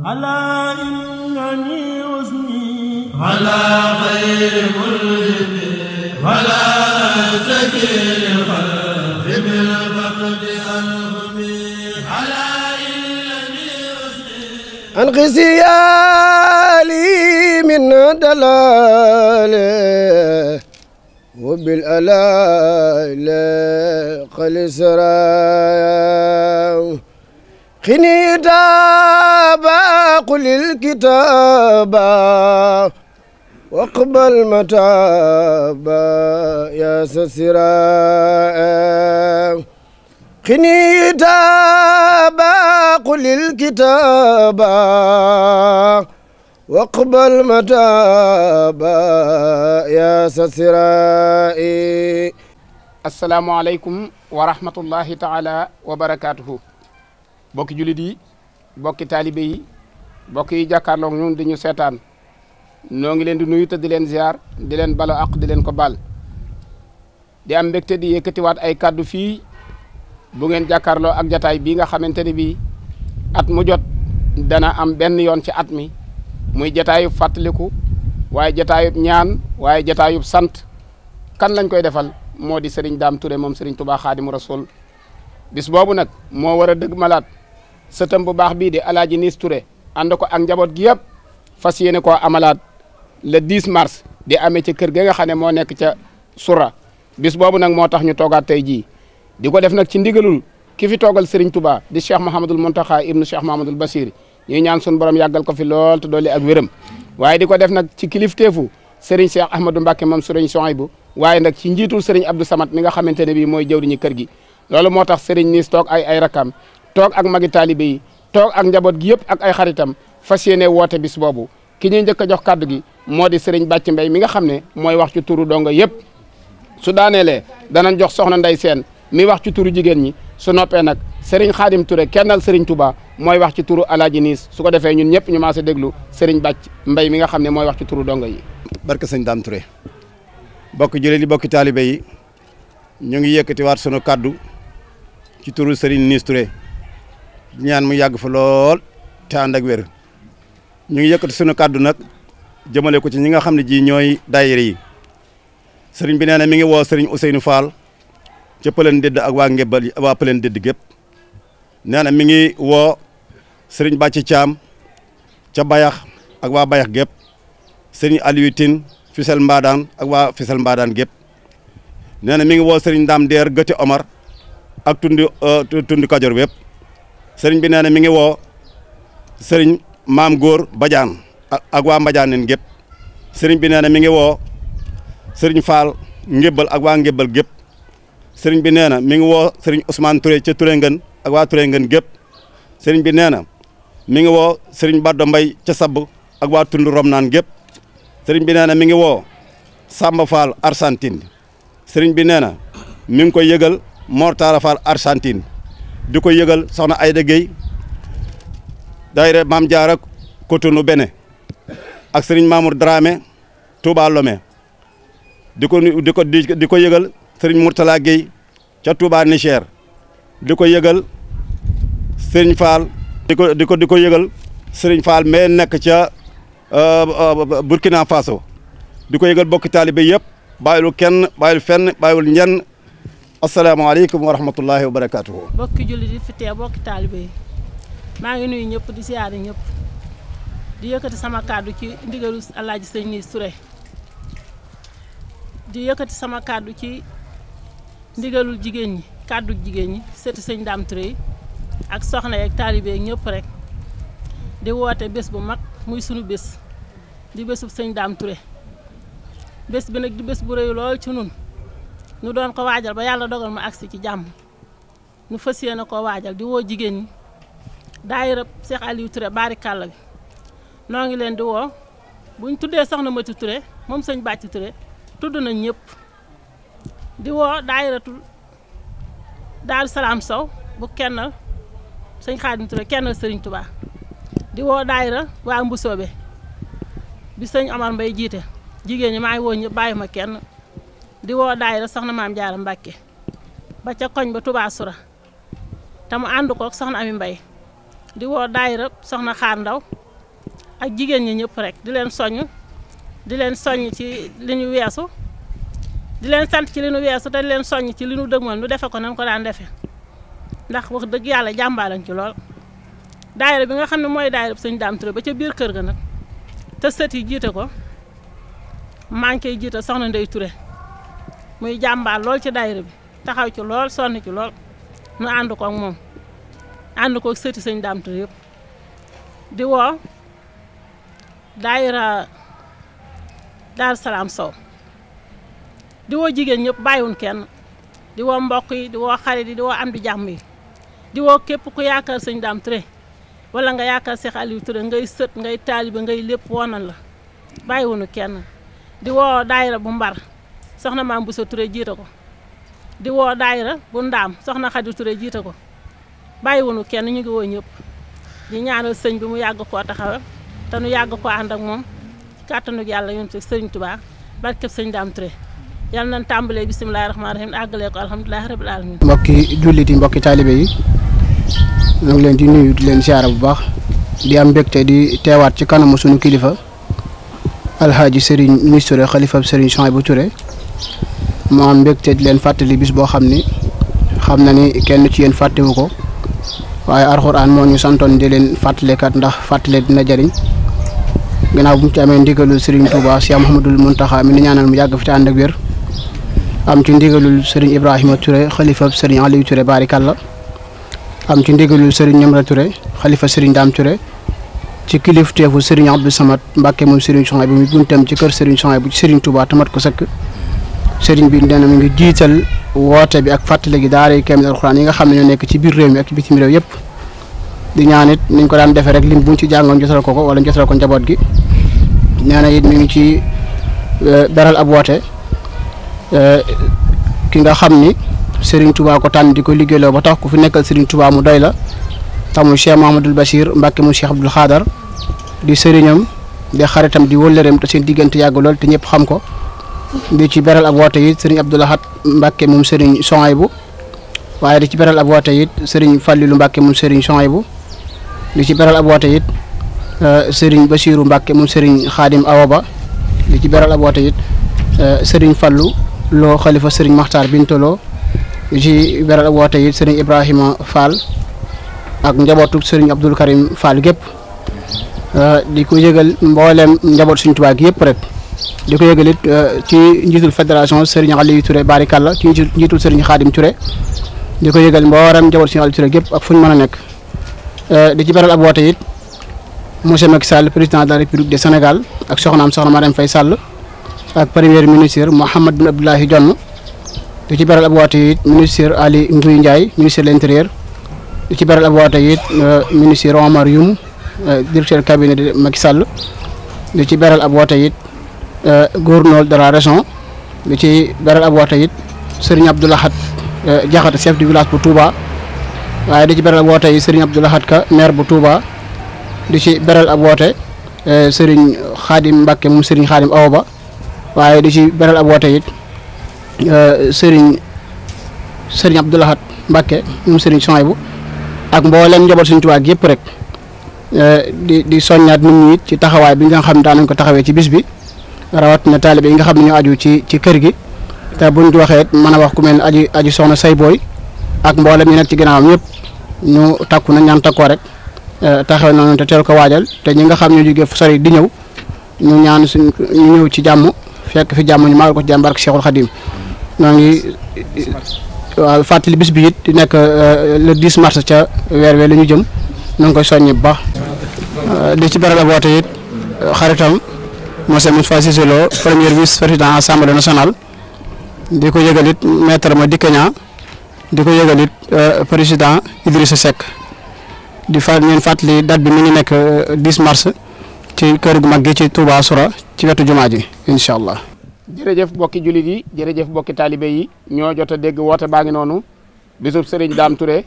على إنني أثني على غير ملهم ولا أزكي الخلق بالفقد ألهمي على إنني أثني عن غزيالي من دلاله وبالألالة لا قل خنيتا تابا قل الكتابا واقبل متابا يا سسراء خنيتا تابا قل الكتابا واقبل متابا يا سسراء السلام عليكم ورحمة الله تعالى وبركاته bokki jullit yi bokki taalibe yi bokk yi jàkkaarloog ñun di ñu seetaan noo ngi leen di nuyu te di leen ziar di leen balo ak di leen ko baal di am mbégte di yëkkatiwaat ay kàddu fii bu ngeen ak jataay nga at mu jot dana am benn yoon ci at mi muy jataayub fàttaliku waaye jataayub ñaan waaye jataayub sant kan lañ koy defal moo di Serigne Dame Touré moom Serigne Touba Xaadimu Rasul bis boobu nag moo war a dëgg malaat sëtam bu baax bii di alaaji Niis Touré ànd ko ak njaboot gi yëpp fas yéene ko amalaat le 10 mars di amee ci kër ga nga xam ne moo nekk ca sura bis boobu nag moo tax ñu toogaat tey jii di ko def nag ci ndigalul ki fi toogal Serigne Touba di Cheikh Mouhamadul Mountakha ibnu Cheikh Mouhamadul Bashir ñuy ñaan sun borom yàggal ko fi lool te dolli ak wéram waaye di ko def nag ci fu kilifteefu Serigne Cheikh Ahmadou Mbacke moom Serigne Souhaïbou waaye nag ci njiitu Serigne Abdou Samad mi nga xamante ne bii mooy jëwriñu kër gi loolu moo tax Serigne Niis toog ay ay rakam tok ak magi taalibe tok toog ak njaboot gi yëpp ak ay xaritam fas yéene bis boobu ki ñuy njëkk a jox kàddu gi moo di sëriñ bàcc mbay mi nga xam ne mooy wax ci turu donga yëpp su daaneelee danañ jox soxna nday seen mi wax ci turu jigéen ñi su noppee nag sëriñ xaadim Touré kennal sëriñ Touba mooy wax ci turu alaaji niis su ko defee ñun ñëpp ñu maase déglu sëriñ bàcc mbay mi nga xam ne wax ci turu donga yi Touré bokk li bokki taalibe yi ñu ngi yëkkatiwaat sunu kàddu ci turu Touré ñaan mu yàgg fa lool te ànd ak wér ñu ngi yëkkati sunu kàddu nag jëmale ko ci ñi nga xam ne ji ñooy daayira yi sëriñ bi nee na mi ngi woo sëriñ Ousseynou Fall ca Pëleen Dëdd ak waa Ngébal waa Pëleen Dëdd gépp nee na mi ngi woo sëriñ ci Thiam ca Bayax ak waa Bayax gépp sëriñ Aliou Tine Fisel Mbadaan ak waa Fisel Mbadaan gépp nee na mi ngi woo sëriñ Ndam Deer Gëti Omar ak tundi euh, tundi Kajoor wépp sëriñ bi nee na mi ngi woo sëriñ maam góor Badiane ak waa Mbadiane nen gépp sëriñ bi nee na mi ngi woo sëriñ Fall ngébbal ak waa ngébbal gépp sëriñ bi nee na mi ngi woo sëriñ Ousmane Touré ca Touré ngën ak waa Touré ngën gépp sëriñ bi nee na mi ngi woo sëriñ Baddo Mbay ca sabb ak waa tund Romnaan gépp sëriñ bi nee na mi ngi woo Samba Fall arsantin sëriñ bi nee na mi ngi koy yëgal Mortara Fall Argentine di ko yëgal soxna Ayda Gueye daayira Maam Jaara Cotonou Bénin ak sëriñ Mamour Dramé Touba Lomé di ko di ko di ko yëgal ca Touba Niger di ko yëgal sëriñ Fall di ko di ko di ko yëgal sëriñ Fall nekk ca euh, euh, Burkina Faso di ko yëgal bokki taalibe yëpp bàyyilu kenn bàyyilu fenn bàyyiwul ñenn asalaamaaleykum wa rahmatullahi wa barakaatu. bokki julli di fi teew bokki yi maa ngi nuyu ñëpp di siyaare ñëpp di yëkkati sama kàddu ci ndigalu Alaaji Sëñ Nis di yëkkati sama kàddu ci ndigalul jigéen ñi kàddu jigéen ñi seeti Sëñ Dame Touré ak soxna yeeg taalibe yeeg ñëpp rek di woote bés bu mag muy sunu bés di bésu Sëñ Dame Touré bés bi nag di bés bu rëy lool ci nun nu doon ko waajal ba yàlla dogal mu agsi ci jàmm nu fas yéene ko waajal di woo jigéen ñi daayira Cheikh Aliou Touré baari kàlla bi noo ngi leen di woo buñ tuddee soxna Mati ture moom sëñ Bàcc ture tudd nañ ñëpp di woo daayiratul Daaru Salaam Sow bu kennal sëñ Xaadim ture kennal sëriñ tubaa di woo daayira waa Mbusoobe bi sëñ Amar Mbay jiite jigéen ñi maa ngi woo ñëpp bàyyi ma kenn di woo daayira soxna maam jaara Mbàkke ba ca koñ ba Touba Soura te mu ànd kook soxna Ami Mbay di woo daayira soxna xaar ndaw ak jigéen ñi ñëpp rek di leen soññ di leen soññ ci li ñu weesu di leen sant ci li ñu weesu te di leen soññ ci li ñu dëgmal nu defe ko nan ko daan defe ndax wax dëgg yàlla jàmbaalañ ci lool daayira bi nga xam ne mooy daayira sëñ Daam Turé ba ca biir kër ga nag te sët yi jiite ko maa ngi koy jiite soxna Ndey Turé muy jàmbaar lool ci daayira bi taxaw ci lool sonn ci lool nu ànd ko ak moom ànd ko sëti sëñ Daam Touré yëpp di woo daayira Daaru Salaam Sow di woo jigéen ñëpp bàyyiwun kenn di woo mbokk yi di woo xarit yi di woo am di jàmm yi di woo képp ku yaakaar sëñ Daam Touré wala nga yaakaar Cheikh Aliou ngay sët ngay taalibe ngay lépp wonan la bàyyiwunu kenn di woo daayira bu mbar soxna maam Bousso Touré jiite ko di woo daayira bu ndaam soxna Xadi Touré jiite ko bàyyi bàyyiwunu kenn ñu ngi woo ñëpp di ñaanal sëñ bi mu yàgg koo taxawal te nu yàgg ko ànd ak moom kàttanug yàlla yoon si sëriñ Tuubaa sëñ Daam Touré yal nañ tàmbalee bisimilah rahmaani rahiim àggalee ko alhamdulilah rabil alamin mbokki jullit yi mbokki taalibe yi ñu ngi leen di nuyu leen ziara bu baax di am mbégte di teewaat ci kanamu sunu kilifa. alxaaji Serigne ministre xalifa Serigne Souhaïbou Touré moo am mbégte leen fàttali bis boo xam ni xam na ni kenn ci yéen fàttewu ko waaye alxuraan moo ñu santoon di leen fàttalekat ndax fàttale dina jariñ gannaaw bu mu ci amee ndigalul Serigne Touba Cheikh Mouhamadoul Mountakha mi ni ñaanal mu yàgg fu ci ànd ak wér am ci ndigalul sëriñ Ibrahima ture xalifa Serigne Aliou Touré barikalla am ci ndigalul Serigne Ñamra ture xalifa Serigne Dame Touré ci kilifteefu Serigne Abdou Samad Mbàkke moom Serigne Souhaïbou mi buntam ci kër Serigne Souhaïbou ci Serigne Touba tamat ko sëkk sëriñ bi nee na mi ngi jiital woote bi ak fàttali gi daara yi kaamil alxuraan yi nga xam ne ñoo nekk ci biir réew mi ak bitim réew yëpp di ñaanit it niñ ko daan defee rek lim buñ ci jàngoon jotal ko ko wala jotal ko njaboot gi nee na it mi ngi ci euh, beral ab woote euh, ki nga xam ni sëriñ Touba ko tànn di ko liggéeyloo ba tax ku fi nekkal sëriñ Touba mu doy la tax mu Cheikh Mahamadul Bachir Mbacke mu Cheikh Abdoul Xaadar di sëriñam di xaritam di wëllëreem te seen diggante yàgg lool te ñëpp xam ko. di ci beral ab woote it sëriñ Abdou Lahad Mbacke moom sëriñ Souhaïbou di ci beral ab woote it sëriñ Fallilou Mbacke moom sëriñ Souhaïbou di ci beral ab woote it euh, sëriñ Bassirou Mbacke moom sëriñ Khadim Awaba di ci beral ab woote it euh, sëriñ Fallou loo xalifa sëriñ maxtar Bintoloo di ci beral ab woote sëriñ Ibrahima Fall ak njabootu sëriñ Abdoul Karim Fall gépp euh, di ko yëgal mboolem njaboot suñu tubaab gi yëpp rek. di ko yëgal it euh, ci njiitul fédération Serigne Aliou Touré Barikalla ci njiitul Serigne Khadim Touré di ko yëgal mboolem njaboot Serigne Aliou Touré gépp ak fu ñu mën euh, di ci beral ab woote it monsieur Macky Sall président de la République du Sénégal ak soxnaam soxna Marème Faye Sall ak premier ministre Mouhamed Boun Abdallah Dionne di ci beral ab woote it ministre Ali Ngouille Ndiaye ministre de l'intérieur di ci beral ab woote it euh, ministre Omar Youm directeur cabinet de Macky Sall di ci beral ab woote Euh, góor de la région li ci beral ab it sëriñ Abdou Lahad euh, Diakhaté chef di ci beral ab woote yi sëriñ Abdou Lahad maire bu Touba di ci beral ab woote euh, sëriñ Xaadim Mbacke moom sëriñ Xaadim Awa waaye di ci beral ab woote it sëriñ sëriñ Abdou Lahad Mbacke moom sëriñ Souhaïbou ak mboolem njaboot suñu Touba yëpp rek di di soññaat nit ñi it ci taxawaay bi nga xam daanañ ko taxawee ci bis bi. rawat na talibé nga xamni ñu aju ci ci kër gi té buñ du waxé mëna wax ku mel aju aju soxna say boy ak mbolam yi nak ci ginnaawam yëpp ñu takku na ñaan takko rek e, taxaw nañu te teel ko wajal té ñi nga xamni ñu jógee fu sori di ñëw ñu ñaan suñu ñëw ci jamm fekk fi jamm ñu maagal ko ci jàmm barke Cheikhul Khadim ma ngi waaw bis bi it di nek e, le 10 mars ca wer wee lañu jëm nang koy soñi bu e, di ci beral la wote it xaritam monsieur Moustapha Cissé Lo premier vice-président assemblée nationale di ko yëgal it ma Madické Niang di ko yëgal euh, président Idrissa Seck di fa ngeen fàttali date bi mu ngi nekk 10 euh, mars ci kër gu mag gi ci Touba Assoura ci wetu jumaa ji incha allah. jërëjëf bokki jullit yi jërëjëf bokki taalibe yi ñoo jot a dégg woote baa ngi noonu bisub Serigne Dame Touré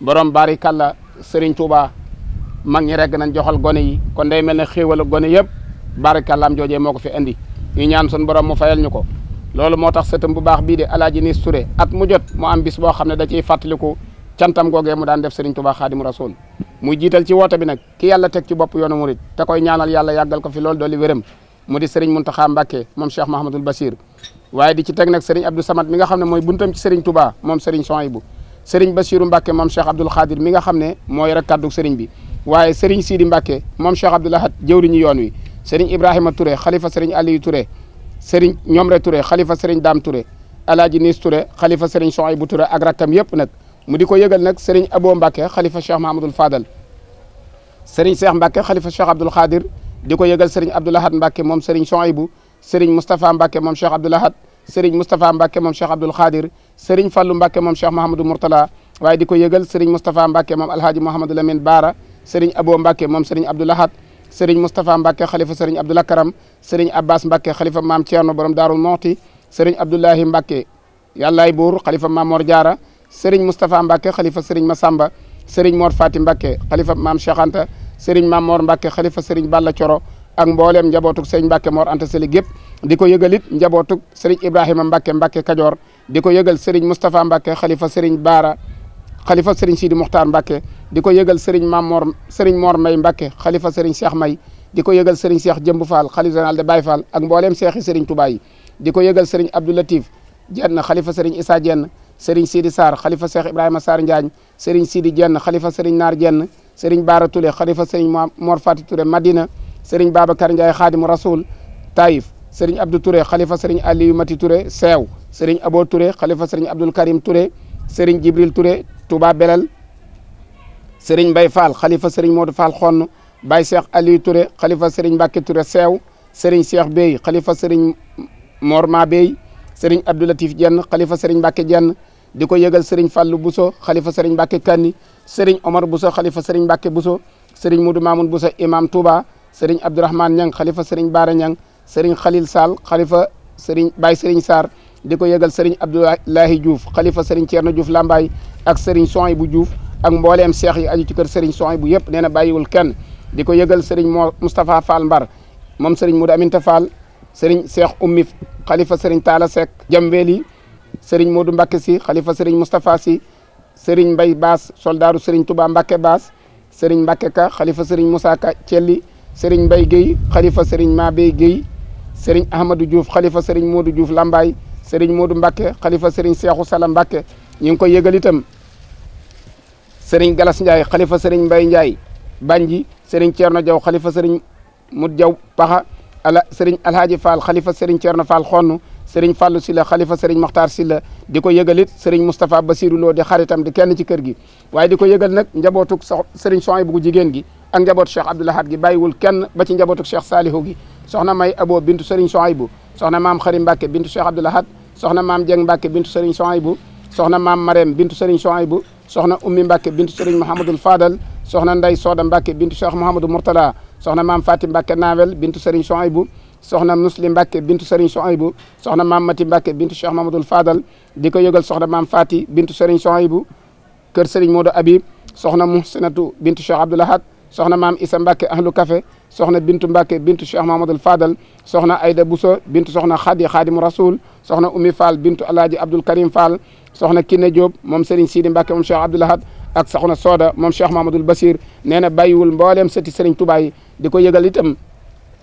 borom bari kàlla Serigne Touba mag ñi reg nañ joxal gone yi kon day mel ne xéewal gone yëpp. barakallaam joojee moo ko fi indi ñu ñaan sun borom mu fayal ñu ko loolu moo tax sëtam bu baax bii de alaaji Niis Touré at mu jot mu am boo xam ne da ciy fàttaliku cantam googee mu daan def Serigne Touba Xaadimu Rasuul muy jiital ci woote bi nag ki yàlla teg ci bopp yoonu murit te koy ñaanal yàlla yàggal ko fi loolu dooli wérëm mu di Serigne Mountakha Mbacké moom Cheikh Mahamadul Bachir waaye di ci teg nag Serigne Abdou Samad mi nga xam ne mooy buntam ci Serigne Touba moom Serigne Souhaïbou Serigne Bachiru Mbacké moom Cheikh Abdoul Khadir mi nga xam ne mooy rek kaddu Serigne bi waaye Serigne Sidi Mbacké moom Cheikh Abdoul Ahad jëwriñu yoon wi Serigne Ibrahima Touré xalifa Serigne Aliou Touré Serigne Ñomre Touré xalifa Serigne Dame Touré Alaaji Nis Touré xalifa Serigne Souhaïbou Touré ak rakkam yëpp nag mu di yëgal nag Serigne Abo Mbacke xalifa Cheikh Mahamadul Fadal Serigne Cheikh Mbacke xalifa Cheikh Abdoul Khadir di ko yëgal Serigne Abdoulahad Mbacke moom Serigne Souhaïbou Serigne Moustapha Mbacke moom Cheikh Abdoulahad Serigne Moustapha Mbacke moom Cheikh Abdoul Khadir Serigne Fallou Mbacke moom Cheikh Mahamadou Mourtala waaye di ko yëgal Serigne Moustapha Mbacke moom Alhaji Mouhamadou Lamine Baara Serigne Abo Mbacke moom Serigne Abdoulahad sëriñ Moustapha Mbacke xalifa sëriñ Abdoulaye Karam sëriñ Abbas Mbacke xalifa mam tierno borom Daarul Moxti sëriñ abdullah Mbacke yàllaay buur xalifa mamor Mor Diarra sëriñ Moustapha Mbacke xalifa sëriñ Massamba sëriñ Mor fatim Mbacke xalifa mam Cheikh Anta mamor maam Mor Mbacke xalifa sëriñ Balla Coro ak mbooleem njabootug sëriñ Mbacke Mor Anta Sali gépp di ko yëgalit njabootug sëriñ Ibrahima Mbacke Mbacke Kajoor di ko yëgal sëriñ Moustapha Mbacke xalifa sëriñ Baara xalifa sëriñ Sidi Muxtaar Mbacke diko yëgal sëriñ Mam Mor sëriñ May Mbakke khalifa serigne Cheikh May diko yëgal sëriñ Cheikh Jëmb Fall khalifa général de Baye Fall ak mbollem cheikh sëriñ Touba yi diko yëgal sëriñ Abdou Latif Jenn khalifa sëriñ isa Jenn serigne Sidi sar khalifa Cheikh Ibrahima sar Njaañ sëriñ Sidi Jenn khalifa sëriñ nar Jenn serigne Baara Touré xalifa Mor fatou Touré Madina sëriñ Babacar Ndiaye khadim rasoul Taïf sëriñ Abdou Touré khalifa serigne Aliou Mati Touré sew sëriñ abou Touré khalifa serigne Abdoul Karim Touré sëriñ Jibril Touré Touba Belal Serigne Mbaye Fall xalifa Serigne Modou Fall xonn Baye Cheikh Aliou Touré xalifa Serigne Mbacké Touré seew Serigne Cheikh Bey khalifa Serigne Mor Ma Bey Serigne Abdou Latif Diène xalifa Serigne Mbacké Diène di ko Serigne Fallou Bousso xalifa Serigne Mbacké Kanni Serigne Omar Bousso khalifa Serigne Mbacké Bousso Serigne Modou Mamoun Bousso imam Touba Serigne Abdourahmane Niang khalifa Serigne Bara Niang Serigne Khalil Sall khalifa Serigne Baye Serigne Sarr di ko yëgal Serigne Abdoulahi Diouf xalifa Serigne Thierno Diouf Lambaye ak Serigne Sohaibou Diouf ak mbooleem seex yi aju ci kër Serigne Sohaibou bu yëpp nee na bàyyiwul kenn di ko yëgal Serigne moo Moustapha Fall Mbar moom Serigne Modou Aminta Fall Serigne Seex Ummi xalifa Serigne Talla Seck Jambeeli Serigne Modou Mbacké si xalifa Serigne Moustapha si Serigne Mbay Baas soldaaru Serigne Touba Mbacké Baas Serigne Mbacké Ka xalifa Serigne Moussa Ka Thielli Serigne Mbay Guèye xalifa Serigne Mabey Guèye Serigne Ahmadou Diouf xalifa Serigne Modou Diouf Lambaye Serigne Modou Mbacké xalifa Serigne Seexu Sala Mbacké ngi koy yëgal sëriñ Galas Ndiaye xalifa sëriñ Mbay Ndiaye Banji sëriñ Thierno jaw xalifa sëriñ Mut Diaw Paxa ala sëriñ Alhaji Fall xalifa sëriñ Thierno Fall xonn sëriñ Fallou Silla xalifa sëriñ Mokhtar Silla di ko yëgalit sëriñ Moustapha Basirou Lo di xaritam di kenn ci kër gi waaye di ko yëgal nag njabootug sox sëriñ Soy bu jigéen gi ak njabootu Cheikh Abdoulahad gi bàyyiwul kenn ba ci njabootu Cheikh Salihu gi soxna May Abo bintu sëriñ Sohaybu soxna maam Xari Mbàkke bintu Cheikh Abdoulahad soxna maam Jeng Mbàkke bintu sëriñ Sohaybu soxna maam Marème bintu sëriñ Sohaybu soxna ummi Mbacke bintu sëriñ Mouhamadul Fadal soxna nday Soda Mbacke bint Cheikh Mouhamadou murtala soxna mam Fati Mbacke Nawel bint serigne Souaïbou soxna Muslim Mbacke bint serigne Souaïbou soxna mam Mati Mbacke bint Cheikh Mouhamadul Fadal diko yëgal soxna mam Fati bint serigne Souaïbou keur serigne Modou Habib soxna muhsinatu bint Cheikh abdullah had soxna mam isa Mbacke ahlu Café سخنا بنت مباكي بنت الشيخ محمد الفادل سخنا أيدا بوسو بنت سخنا خادي خادم رسول سخنا أمي فال بنت الله عبد الكريم فال سخنا كيني جوب مم سرين سيدي مباكي مم شيخ عبد الهد أك سخنا صودا مم شيخ محمد البصير نينا بايول مباليم ستي سرين توباي ديكو يغل لتم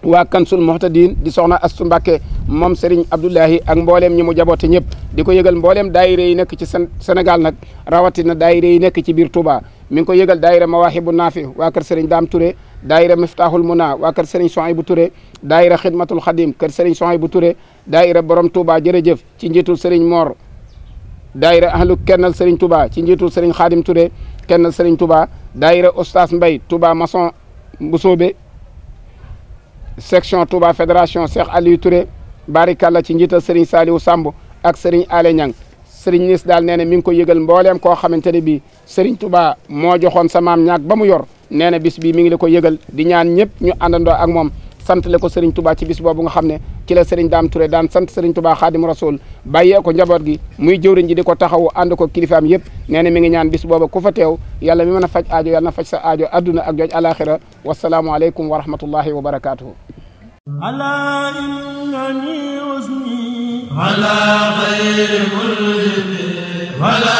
وكانسول مهتدين دي سخنا أستم باكي مم سرين عبد الله أك مباليم نمو جابوت نيب ديكو يغل مباليم دائري نك تي سنغال نك رواتي نا دائري نك تي بير توبا مينكو يغل دائري مواحب النافي واكر سرين دام توري daayira miftaaxul muna waa kër Serigne Souhaïbou Touré daayira xidmatul xadim kër Serigne Souhaïbou Touré daayira borom Touba jërëjëf ci njiitul Serigne Mor daayira ahlu kennal Serigne Touba ci njiitul Serigne Xaadim Touré kennal Serigne Touba daayira Oustaz Mbay Touba maçon Mbusoobe section Touba fédération Cheikh ali Touré barikalla ci njiital Serigne Saliou Samb ak Serigne Ale Niang Serigne Nis daal nee na mi ngi ko yëgal mbooleem koo xamante ne Serigne Touba moo joxoon sa maam ñaag ba yor nee na bis bi mi ngi la ko yëgal di ñaan ñëpp ñu àndandoo ak moom sant le ko Serigne Touba ci bis boobu nga xam ne ci la Serigne Dame Touré daan sant Serigne Touba Xaadim Rasul bàyyee ko njaboot gi muy jëwriñ ji di ko taxawu ànd ko kilifaam yëpp nee na mi ngi ñaan bis booba ku fa yàlla mi mën a faj aajo yàlla na faj sa aajo adduna ak jooj alaxira wasalaamu aleykum wa rahmatullahi wa barakatuhu ala innani usni ala